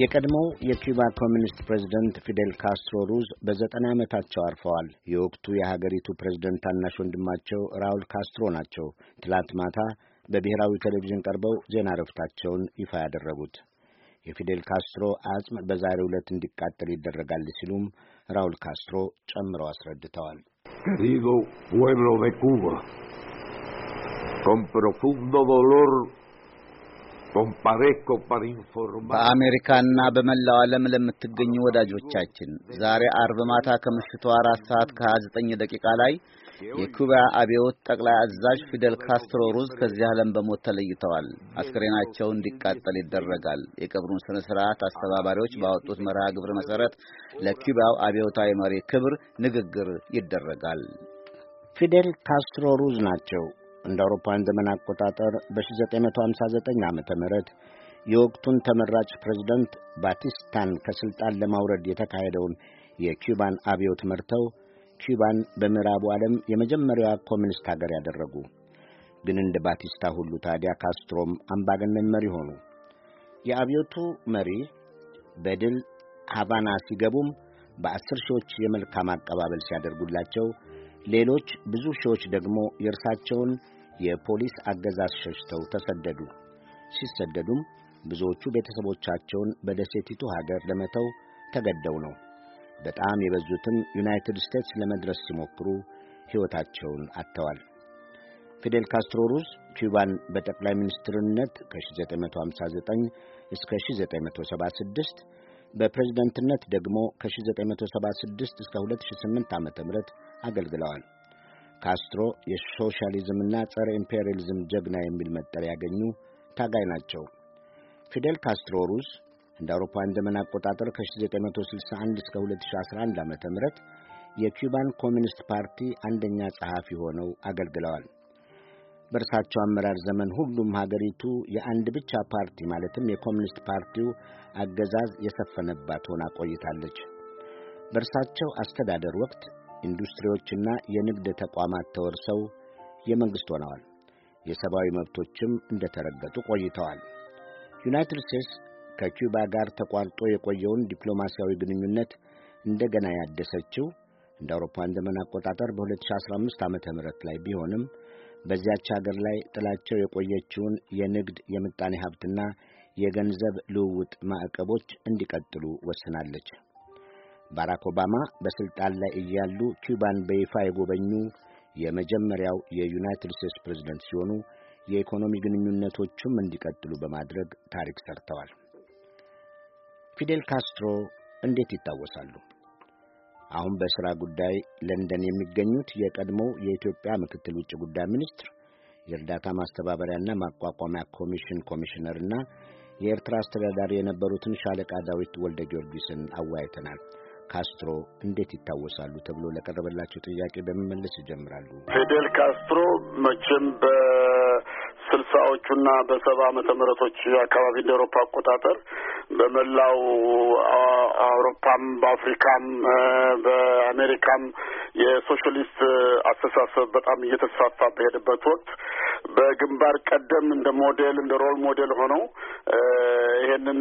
የቀድሞው የኪዩባ ኮሚኒስት ፕሬዝደንት ፊዴል ካስትሮ ሩዝ በዘጠና ዓመታቸው አርፈዋል። የወቅቱ የሀገሪቱ ፕሬዚደንት ታናሽ ወንድማቸው ራውል ካስትሮ ናቸው። ትላንት ማታ በብሔራዊ ቴሌቪዥን ቀርበው ዜና እረፍታቸውን ይፋ ያደረጉት የፊዴል ካስትሮ አጽም በዛሬው ዕለት እንዲቃጠል ይደረጋል ሲሉም ራውል ካስትሮ ጨምረው አስረድተዋል። con profundo dolor በአሜሪካና በመላው ዓለም ለምትገኙ ወዳጆቻችን ዛሬ አርብ ማታ ከምሽቱ አራት ሰዓት ከሀያ ዘጠኝ ደቂቃ ላይ የኩባ አብዮት ጠቅላይ አዛዥ ፊደል ካስትሮ ሩዝ ከዚህ ዓለም በሞት ተለይተዋል። አስክሬናቸው እንዲቃጠል ይደረጋል። የቀብሩን ስነ ስርዓት አስተባባሪዎች ባወጡት መርሃ ግብር መሰረት ለኩባው አብዮታዊ መሪ ክብር ንግግር ይደረጋል። ፊደል ካስትሮ ሩዝ ናቸው እንደ አውሮፓውያን ዘመን አቆጣጠር በ1959 ዓመተ ምህረት የወቅቱን ተመራጭ ፕሬዚደንት ባቲስታን ከስልጣን ለማውረድ የተካሄደውን የኪዩባን አብዮት መርተው ኪውባን በምዕራቡ ዓለም የመጀመሪያዋ ኮሚኒስት ሀገር ያደረጉ ግን እንደ ባቲስታ ሁሉ ታዲያ ካስትሮም አምባገነን መሪ ሆኑ። የአብዮቱ መሪ በድል ሃቫና ሲገቡም በአስር ሺዎች የመልካም አቀባበል ሲያደርጉላቸው ሌሎች ብዙ ሺዎች ደግሞ የእርሳቸውን የፖሊስ አገዛዝ ሸሽተው ተሰደዱ። ሲሰደዱም ብዙዎቹ ቤተሰቦቻቸውን በደሴቲቱ ሀገር ለመተው ተገደው ነው። በጣም የበዙትም ዩናይትድ ስቴትስ ለመድረስ ሲሞክሩ ሕይወታቸውን አጥተዋል። ፊዴል ካስትሮ ሩዝ ኪዩባን በጠቅላይ ሚኒስትርነት ከ1959 እስከ በፕሬዝደንትነት ደግሞ ከ1976 እስከ 2008 ም አገልግለዋል። ካስትሮ የሶሻሊዝምና ጸረ ኢምፔሪያሊዝም ጀግና የሚል መጠሪያ ያገኙ ታጋይ ናቸው። ፊዴል ካስትሮ ሩስ እንደ አውሮፓውያን ዘመን አቆጣጠር ከ1961 እስከ 2011 ም የኪውባን ኮሚኒስት ፓርቲ አንደኛ ጸሐፊ ሆነው አገልግለዋል። በእርሳቸው አመራር ዘመን ሁሉም ሀገሪቱ የአንድ ብቻ ፓርቲ ማለትም የኮሚኒስት ፓርቲው አገዛዝ የሰፈነባት ሆና ቆይታለች። በእርሳቸው አስተዳደር ወቅት ኢንዱስትሪዎችና የንግድ ተቋማት ተወርሰው የመንግሥት ሆነዋል። የሰብአዊ መብቶችም እንደተረገጡ ቆይተዋል። ዩናይትድ ስቴትስ ከኪዩባ ጋር ተቋርጦ የቆየውን ዲፕሎማሲያዊ ግንኙነት እንደገና ያደሰችው እንደ አውሮፓውያን ዘመን አቆጣጠር በ2015 ዓ ም ላይ ቢሆንም በዚያች አገር ላይ ጥላቸው የቆየችውን የንግድ የምጣኔ ሀብትና የገንዘብ ልውውጥ ማዕቀቦች እንዲቀጥሉ ወስናለች። ባራክ ኦባማ በሥልጣን ላይ እያሉ ኪዩባን በይፋ የጎበኙ የመጀመሪያው የዩናይትድ ስቴትስ ፕሬዝደንት ሲሆኑ የኢኮኖሚ ግንኙነቶቹም እንዲቀጥሉ በማድረግ ታሪክ ሰርተዋል። ፊዴል ካስትሮ እንዴት ይታወሳሉ? አሁን በሥራ ጉዳይ ለንደን የሚገኙት የቀድሞው የኢትዮጵያ ምክትል ውጭ ጉዳይ ሚኒስትር የእርዳታ ማስተባበሪያና ማቋቋሚያ ኮሚሽን ኮሚሽነርና የኤርትራ አስተዳዳሪ የነበሩትን ሻለቃ ዳዊት ወልደ ጊዮርጊስን አወያይተናል። ካስትሮ እንዴት ይታወሳሉ ተብሎ ለቀረበላቸው ጥያቄ በመመለስ ይጀምራሉ። ፊዴል ካስትሮ መቼም በ በስልሳዎቹና በሰባ አመተ ምህረቶች አካባቢ እንደ አውሮፓ አቆጣጠር በመላው አውሮፓም በአፍሪካም በአሜሪካም የሶሻሊስት አስተሳሰብ በጣም እየተስፋፋ በሄደበት ወቅት በግንባር ቀደም እንደ ሞዴል እንደ ሮል ሞዴል ሆነው ይሄንን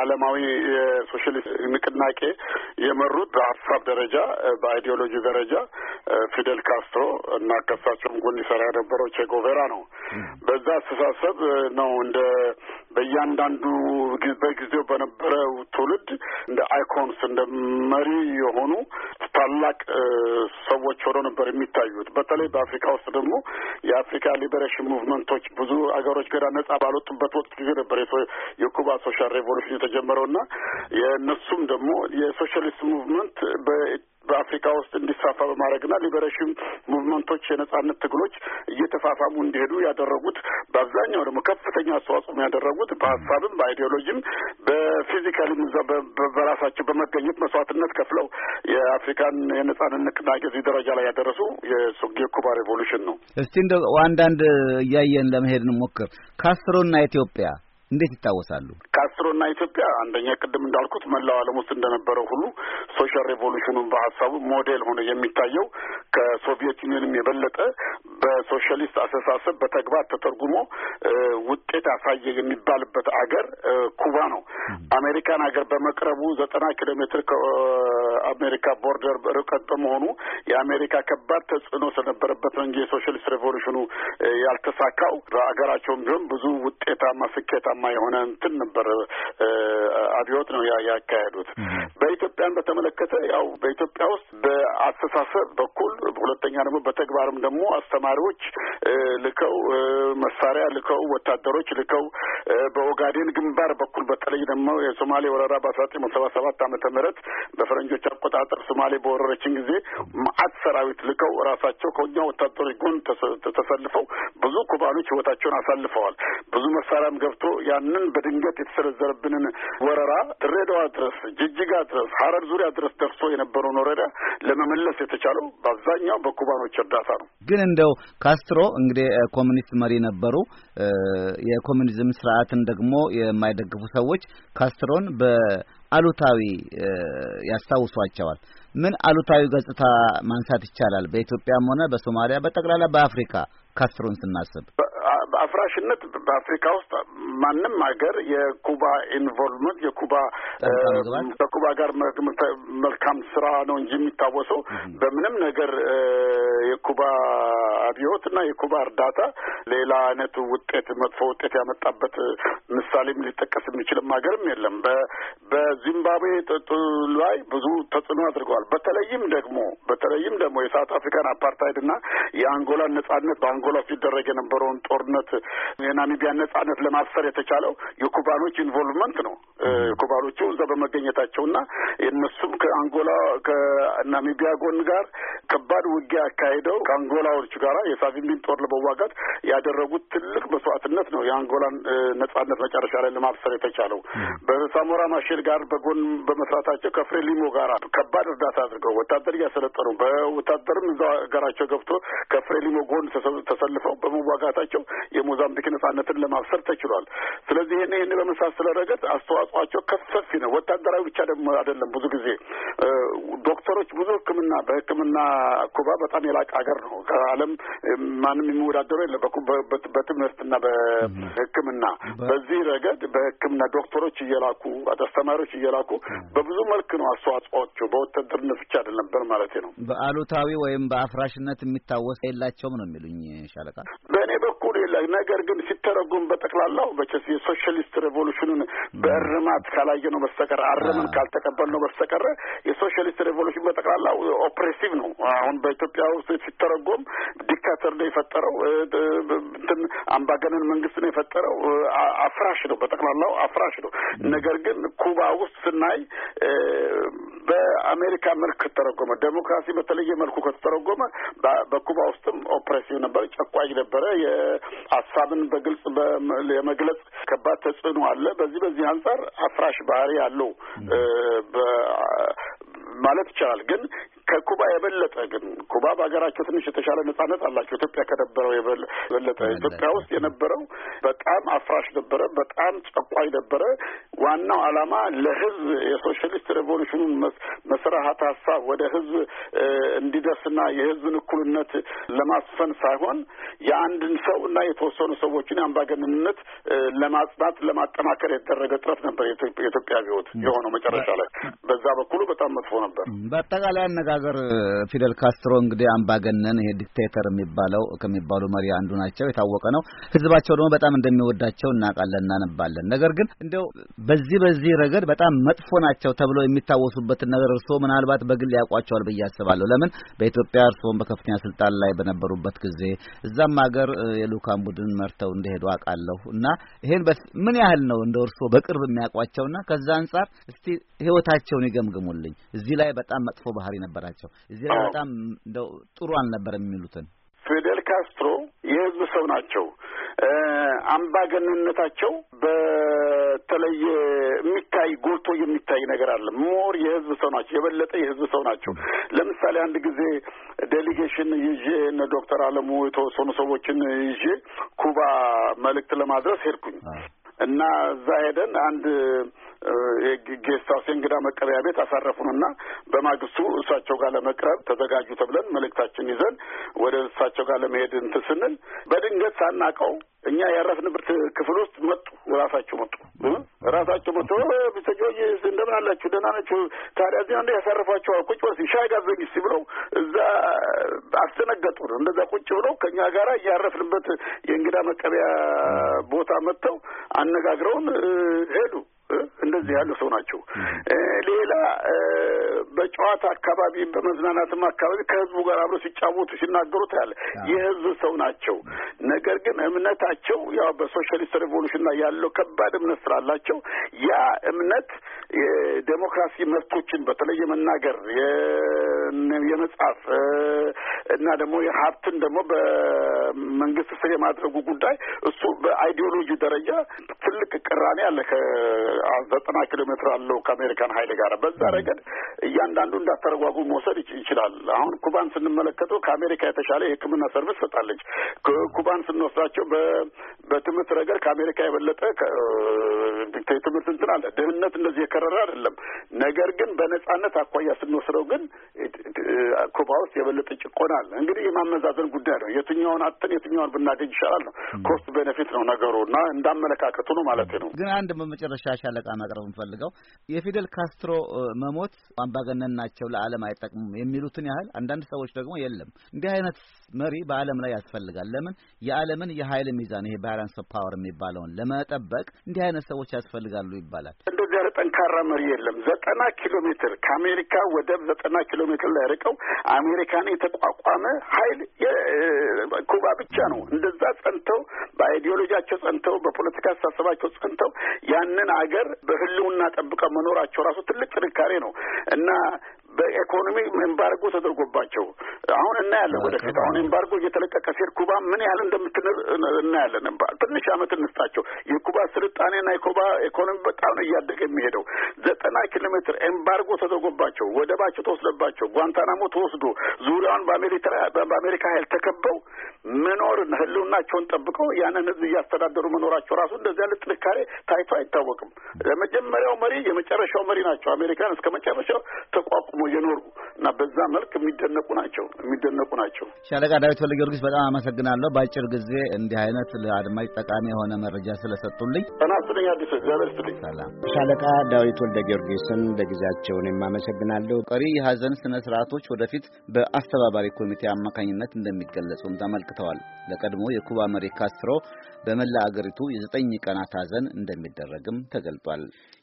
ዓለማዊ የሶሻሊስት ንቅናቄ የመሩት በሀሳብ ደረጃ በአይዲዮሎጂ ደረጃ ፊደል ካስትሮ እና ከሳቸውም ጎን ይሰራ የነበረው ቼጎቬራ ነው። በዛ አስተሳሰብ ነው እንደ በእያንዳንዱ በጊዜው በነበረው ትውልድ እንደ አይኮንስ እንደ መሪ የሆኑ ታላቅ ሰዎች ሆነው ነበር የሚታዩት። በተለይ በአፍሪካ ውስጥ ደግሞ የአፍሪካ ሊበሬሽን ሙቭመንቶች ብዙ አገሮች ገና ነጻ ባልወጡበት ወቅት ጊዜ ነበር የኩባ ሶሻል ሬቮሉሽን የተጀመረው እና የእነሱም ደግሞ የሶሻሊስት ሙቭመንት በአፍሪካ ውስጥ እንዲስፋፋ በማድረግና ሊበሬሽን ሙቭመንቶች የነጻነት ትግሎች እየተፋፋሙ እንዲሄዱ ያደረጉት በአብዛኛው ደግሞ ከፍተኛ አስተዋጽኦ ያደረጉት በሀሳብም በአይዲዮሎጂም በፊዚካሊም በራሳቸው በመገኘት መስዋዕትነት ከፍለው የአፍሪካን የነጻነት ንቅናቄ እዚህ ደረጃ ላይ ያደረሱ የኩባ ሬቮሉሽን ነው። እስቲ እንደ አንዳንድ እያየን ለመሄድ እንሞክር። ካስትሮና ኢትዮጵያ እንዴት ይታወሳሉ? እና ኢትዮጵያ አንደኛ ቅድም እንዳልኩት መላው ዓለም ውስጥ እንደነበረው ሁሉ ሶሻል ሬቮሉሽኑን በሀሳቡ ሞዴል ሆኖ የሚታየው ከሶቪየት ዩኒየንም የበለጠ በሶሻሊስት አስተሳሰብ በተግባር ተተርጉሞ ውጤት አሳየ የሚባልበት አገር ኩባ ነው። አሜሪካን ሀገር በመቅረቡ ዘጠና ኪሎ ሜትር ከአሜሪካ ቦርደር ርቀት በመሆኑ የአሜሪካ ከባድ ተጽዕኖ ስለነበረበት ነው እንጂ የሶሻሊስት ሬቮሉሽኑ ያልተሳካው በሀገራቸውም ቢሆን ብዙ ውጤታማ ስኬታማ የሆነ እንትን ነበር አብዮት ነው ያካሄዱት። በኢትዮጵያን በተመለከተ ያው በኢትዮጵያ ውስጥ በአስተሳሰብ በኩል ሁለተኛ ደግሞ በተግባርም ደግሞ አስተማሪዎች ልከው መሳሪያ ልከው ወታደሮች ልከው በኦጋዴን ግንባር በኩል በተለይ ደግሞ የሶማሌ ወረራ በአስራ ዘጠኝ መቶ ሰባ ሰባት ዓመተ ምህረት በፈረንጆች አቆጣጠር ሶማሌ በወረረችን ጊዜ ማአት ሰራዊት ልከው ራሳቸው ከኛ ወታደሮች ጎን ተሰልፈው ብዙ ኩባኖች ህይወታቸውን አሳልፈዋል። ብዙ መሳሪያም ገብቶ ያንን በድንገት የተሰ የተሰነዘረብንን ወረራ ድሬዳዋ ድረስ፣ ጅጅጋ ድረስ፣ ሀረር ዙሪያ ድረስ ደርሶ የነበረውን ወረዳ ለመመለስ የተቻለው በአብዛኛው በኩባኖች እርዳታ ነው። ግን እንደው ካስትሮ እንግዲህ ኮሚኒስት መሪ ነበሩ። የኮሚኒዝም ስርዓትን ደግሞ የማይደግፉ ሰዎች ካስትሮን በአሉታዊ ያስታውሷቸዋል። ምን አሉታዊ ገጽታ ማንሳት ይቻላል? በኢትዮጵያም ሆነ በሶማሊያ በጠቅላላ በአፍሪካ ካስትሮን ስናስብ በአፍራሽነት በአፍሪካ ውስጥ ማንም ሀገር የኩባ ኢንቮልቭመንት የኩባ ከኩባ ጋር መልካም ስራ ነው እንጂ የሚታወሰው በምንም ነገር የኩባ አብዮት እና የኩባ እርዳታ ሌላ አይነት ውጤት መጥፎ ውጤት ያመጣበት ምሳሌም ሊጠቀስ የሚችልም ሀገርም የለም። በዚምባብዌ ጥጡ ላይ ብዙ ተጽዕኖ አድርገዋል። በተለይም ደግሞ በተለይም ደግሞ የሳውት አፍሪካን አፓርታይድ እና የአንጎላን ነጻነት በአንጎላ ሲደረግ የነበረውን ጦርነት ነጻነት የናሚቢያን ነጻነት ለማስፈር የተቻለው የኩባኖች ኢንቮልቭመንት ነው። ኩባሎቹ እዛ በመገኘታቸውና የነሱም ከአንጎላ ከናሚቢያ ጎን ጋር ከባድ ውጊያ ያካሄደው ከአንጎላዎች ጋር የሳቪምቢን ጦር ለመዋጋት ያደረጉት ትልቅ መስዋዕትነት ነው የአንጎላን ነጻነት መጨረሻ ላይ ለማብሰር የተቻለው። በሳሞራ ማሼል ጋር በጎን በመስራታቸው ከፍሬሊሞ ጋር ከባድ እርዳታ አድርገው ወታደር እያሰለጠኑ በወታደርም እዛ ሀገራቸው ገብቶ ከፍሬሊሞ ጎን ተሰልፈው በመዋጋታቸው የሞዛምቢክ ነጻነትን ለማብሰር ተችሏል። ስለዚህ ይህን ይህን በመሳሰለ ረገድ አስተዋጽኦ አስተዋጽኦ ከፍ ሰፊ ነው። ወታደራዊ ብቻ ደግሞ አይደለም። ብዙ ጊዜ ዶክተሮች ብዙ ሕክምና በሕክምና ኩባ በጣም የላቀ ሀገር ነው። ከዓለም ማንም የሚወዳደሩ የለም በትምህርትና በሕክምና በዚህ ረገድ በሕክምና ዶክተሮች እየላኩ አስተማሪዎች እየላኩ በብዙ መልክ ነው አስተዋጽኦቸው። በወታደርነት ብቻ አይደለም ማለት ነው። በአሉታዊ ወይም በአፍራሽነት የሚታወስ የላቸውም ነው የሚሉኝ ሻለቃ በእኔ በኩል የለ። ነገር ግን ሲተረጉም በጠቅላላው መቼስ የሶሻሊስት ሬቮሉሽኑን በእርማት ካላየ ነው በስተቀር አረምን ካልተቀበል ነው በስተቀር የሶሻሊስት ሬቮሉሽን በጠቅላላው ኦፕሬሲቭ ነው። አሁን በኢትዮጵያ ውስጥ ሲተረጎም ዲክታተር ነው የፈጠረው። እንትን አምባገነን መንግስት ነው የፈጠረው። አፍራሽ ነው፣ በጠቅላላው አፍራሽ ነው። ነገር ግን ኩባ ውስጥ ስናይ በአሜሪካ መልክ ከተረጎመ ዴሞክራሲ በተለየ መልኩ ከተተረጎመ በኩባ ውስጥም ኦፕሬሲቭ ነበር፣ ጨቋኝ ነበረ። የሀሳብን በግልጽ የመግለጽ ከባድ ተጽዕኖ አለ። በዚህ በዚህ አንጻር አፍራሽ ባህሪ አለው ማለት ይቻላል። ግን ከኩባ የበለጠ ግን ኩባ በሀገራቸው ትንሽ የተሻለ ነጻነት አላቸው። ኢትዮጵያ ከነበረው የበለጠ ኢትዮጵያ ውስጥ የነበረው በጣም አፍራሽ ነበረ፣ በጣም ጨቋኝ ነበረ። ዋናው ዓላማ ለህዝብ የሶሻሊስት ሬቮሉሽኑን መስራት ሀሳብ ወደ ህዝብ እንዲደርስና የህዝብን እኩልነት ለማስፈን ሳይሆን የአንድን ሰው እና የተወሰኑ ሰዎችን የአምባገንነት ለማጽናት ለማጠናከር የተደረገ ጥረት ነበር የኢትዮጵያ ህይወት የሆነው መጨረሻ ላይ በዛ በኩሉ በጣም መጥፎ ነበር። በአጠቃላይ ሀገር ፊደል ካስትሮ እንግዲህ አምባገነን ይሄ ዲክቴተር የሚባለው ከሚባሉ መሪ አንዱ ናቸው፣ የታወቀ ነው። ህዝባቸው ደግሞ በጣም እንደሚወዳቸው እናውቃለን፣ እናነባለን። ነገር ግን እንደው በዚህ በዚህ ረገድ በጣም መጥፎ ናቸው ተብለው የሚታወሱበትን ነገር እርስዎ ምናልባት በግል ያውቋቸዋል ብዬ አስባለሁ። ለምን በኢትዮጵያ እርስዎም በከፍተኛ ስልጣን ላይ በነበሩበት ጊዜ እዛም ሀገር የልኡካን ቡድን መርተው እንደሄዱ አውቃለሁ እና ይሄን ምን ያህል ነው እንደ እርስዎ በቅርብ የሚያውቋቸውና ከዛ አንጻር እስቲ ህይወታቸውን ይገምግሙልኝ። እዚህ ላይ በጣም መጥፎ ባህሪ ነበር ነበራቸው። እዚህ ላይ በጣም እንደው ጥሩ አልነበረም የሚሉትን ፊደል ካስትሮ የህዝብ ሰው ናቸው። አምባገንነታቸው በተለየ የሚታይ ጎልቶ የሚታይ ነገር አለ። ሞር የህዝብ ሰው ናቸው። የበለጠ የህዝብ ሰው ናቸው። ለምሳሌ አንድ ጊዜ ዴሊጌሽን ይዤ እነ ዶክተር አለሙ የተወሰኑ ሰዎችን ይዤ ኩባ መልእክት ለማድረስ ሄድኩኝ። እና እዛ ሄደን አንድ ጌስት የእንግዳ መቀበያ ቤት አሳረፉንና በማግስቱ እሳቸው ጋር ለመቅረብ ተዘጋጁ ተብለን መልእክታችን ይዘን ወደ እሳቸው ጋር ለመሄድ እንትን ስንል በድንገት ሳናቀው እኛ ያረፍንበት ክፍል ውስጥ መጡ። ራሳቸው መጡ። ራሳቸው መጡ። ቤተጆች እንደምን አላችሁ? ደህና ናችሁ? ታዲያ እዚህ እንደ ያሳርፏቸዋል። ቁጭ በስ ሻይ ጋዘኝ ሲ ብለው እዛ አስደነገጡ። እንደዛ ቁጭ ብለው ከእኛ ጋራ እያረፍንበት የእንግዳ መቀበያ ቦታ መጥተው አነጋግረውን ሄዱ። እንደዚህ ያሉ ሰው ናቸው። ሌላ በጨዋታ አካባቢ በመዝናናትም አካባቢ ከህዝቡ ጋር አብረው ሲጫወቱ ሲናገሩ ያለ የህዝብ ሰው ናቸው። ነገር ግን እምነታቸው ያው በሶሻሊስት ሬቮሉሽን ላይ ያለው ከባድ እምነት ስላላቸው ያ እምነት የዴሞክራሲ መብቶችን በተለይ የመናገር የመጻፍ እና ደግሞ የሀብትን ደግሞ በመንግስት ስር የማድረጉ ጉዳይ እሱ በአይዲዮሎጂ ደረጃ ትልቅ ቅራኔ አለ ዘጠና ኪሎ ሜትር አለው ከአሜሪካን ሀይል ጋር። በዛ ረገድ እያንዳንዱ እንዳተረጓጉ መውሰድ ይችላል። አሁን ኩባን ስንመለከተው ከአሜሪካ የተሻለ የሕክምና ሰርቪስ ሰጣለች። ኩባን ስንወስዳቸው በትምህርት ረገድ ከአሜሪካ የበለጠ ትምህርት እንትን አለ። ድህነት እንደዚህ የከረረ አይደለም። ነገር ግን በነጻነት አኳያ ስንወስደው ግን ኩባ ውስጥ የበለጠ ጭቆና አለ። እንግዲህ የማመዛዘን ጉዳይ ነው። የትኛውን አጥተን የትኛውን ብናገኝ ይሻላል ነው። ኮስት ቤኔፊት ነው ነገሩ እና እንዳመለካከቱ ነው ማለት ነው። ግን አንድ በመጨረሻ ሻለቃ ማቅረብ እንፈልገው የፊደል ካስትሮ መሞት አምባገነን ናቸው ለዓለም አይጠቅሙም የሚሉትን ያህል አንዳንድ ሰዎች ደግሞ የለም እንዲህ አይነት መሪ በዓለም ላይ ያስፈልጋል። ለምን የዓለምን የኃይል ሚዛን ይሄ ባላንስ ኦፍ ፓወር የሚባለውን ለመጠበቅ እንዲህ አይነት ሰዎች ያስፈልጋሉ ይባላል። እንደዚህ ያለ ጠንካራ መሪ የለም። ዘጠና ኪሎ ሜትር ከአሜሪካ ወደብ ዘጠና ኪሎ ሜትር ላይ ርቀው አሜሪካን የተቋቋመ ኃይል ኩባ ብቻ ነው። እንደዛ ጸንተው በአይዲዮሎጂያቸው ጸንተው በፖለቲካ አስተሳሰባቸው ጸንተው ያንን ነገር በህልውና ጠብቀው መኖራቸው ራሱ ትልቅ ጥንካሬ ነው እና በኢኮኖሚ ኤምባርጎ ተደርጎባቸው አሁን እናያለን። ወደፊት አሁን ኤምባርጎ እየተለቀቀ ሲሄድ ኩባ ምን ያህል እንደምትንር እናያለን። ትንሽ ዓመት እንስጣቸው። የኩባ ስልጣኔና የኩባ ኢኮኖሚ በጣም ነው እያደገ የሚሄደው። ዘጠና ኪሎ ሜትር ኤምባርጎ ተደርጎባቸው ወደባቸው ተወስደባቸው ጓንታናሞ ተወስዶ ዙሪያውን በአሜሪካ ኃይል ተከበው መኖር ህልውናቸውን ጠብቀው ያንን ህዝብ እያስተዳደሩ መኖራቸው ራሱ እንደዚህ ያለ ጥንካሬ ታይቶ አይታወቅም። የመጀመሪያው መሪ የመጨረሻው መሪ ናቸው። አሜሪካን እስከ መጨረሻው ተቋቁሞ ደግሞ የኖሩ እና በዛ መልክ የሚደነቁ ናቸው የሚደነቁ ናቸው። ሻለቃ ዳዊት ወልደ ጊዮርጊስ በጣም አመሰግናለሁ። በአጭር ጊዜ እንዲህ አይነት ለአድማጭ ጠቃሚ የሆነ መረጃ ስለሰጡልኝ ጤና አዲስ እግዚአብሔር ስትልኝ ሰላም። ሻለቃ ዳዊት ወልደ ጊዮርጊስን ለጊዜያቸውን የማመሰግናለሁ። ቀሪ የሀዘን ስነ ስርዓቶች ወደፊት በአስተባባሪ ኮሚቴ አማካኝነት እንደሚገለጹም ተመልክተዋል። ለቀድሞ የኩባ መሪ ካስትሮ በመላ አገሪቱ የዘጠኝ ቀናት ሀዘን እንደሚደረግም ተገልጧል።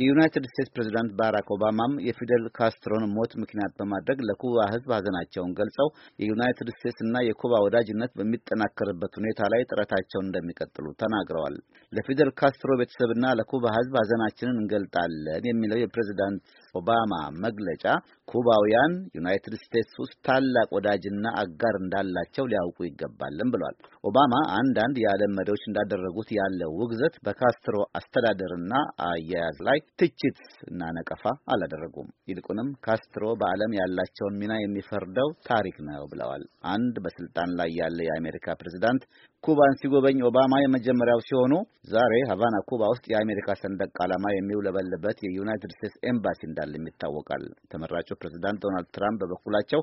የዩናይትድ ስቴትስ ፕሬዚዳንት ባራክ ኦባማም የፊደል ካስትሮን ሞት ምክንያት በማድረግ ለኩባ ሕዝብ ሀዘናቸውን ገልጸው የዩናይትድ ስቴትስ እና የኩባ ወዳጅነት በሚጠናከርበት ሁኔታ ላይ ጥረታቸውን እንደሚቀጥሉ ተናግረዋል። ለፊደል ካስትሮ ቤተሰብና ለኩባ ሕዝብ ሀዘናችንን እንገልጣለን የሚለው የፕሬዚዳንት ኦባማ መግለጫ ኩባውያን ዩናይትድ ስቴትስ ውስጥ ታላቅ ወዳጅና አጋር እንዳላቸው ሊያውቁ ይገባልም ብሏል። ኦባማ አንዳንድ የዓለም መሪዎች እንዳደረጉት ያለው ውግዘት በካስትሮ አስተዳደርና አያያዝ ላይ ትችት እና ነቀፋ አላደረጉም። ይልቁንም ካስትሮ በዓለም ያላቸውን ሚና የሚፈርደው ታሪክ ነው ብለዋል። አንድ በስልጣን ላይ ያለ የአሜሪካ ፕሬዝዳንት ኩባን ሲጎበኝ ኦባማ የመጀመሪያው ሲሆኑ ዛሬ ሀቫና ኩባ ውስጥ የአሜሪካ ሰንደቅ ዓላማ የሚውለበልበት የዩናይትድ ስቴትስ ኤምባሲ እንዳለም ይታወቃል። ተመራጩ ፕሬዚዳንት ዶናልድ ትራምፕ በበኩላቸው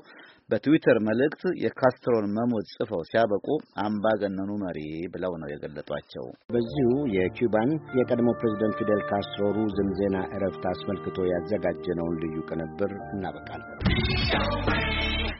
በትዊተር መልእክት የካስትሮን መሞት ጽፈው ሲያበቁ አምባገነኑ መሪ ብለው ነው የገለጧቸው። በዚሁ የኩባን የቀድሞ ፕሬዚደንት ፊደል ካስትሮ ሩዝም ዜና እረፍት አስመልክቶ ያዘጋጀነውን ልዩ ቅንብር እናበቃለን።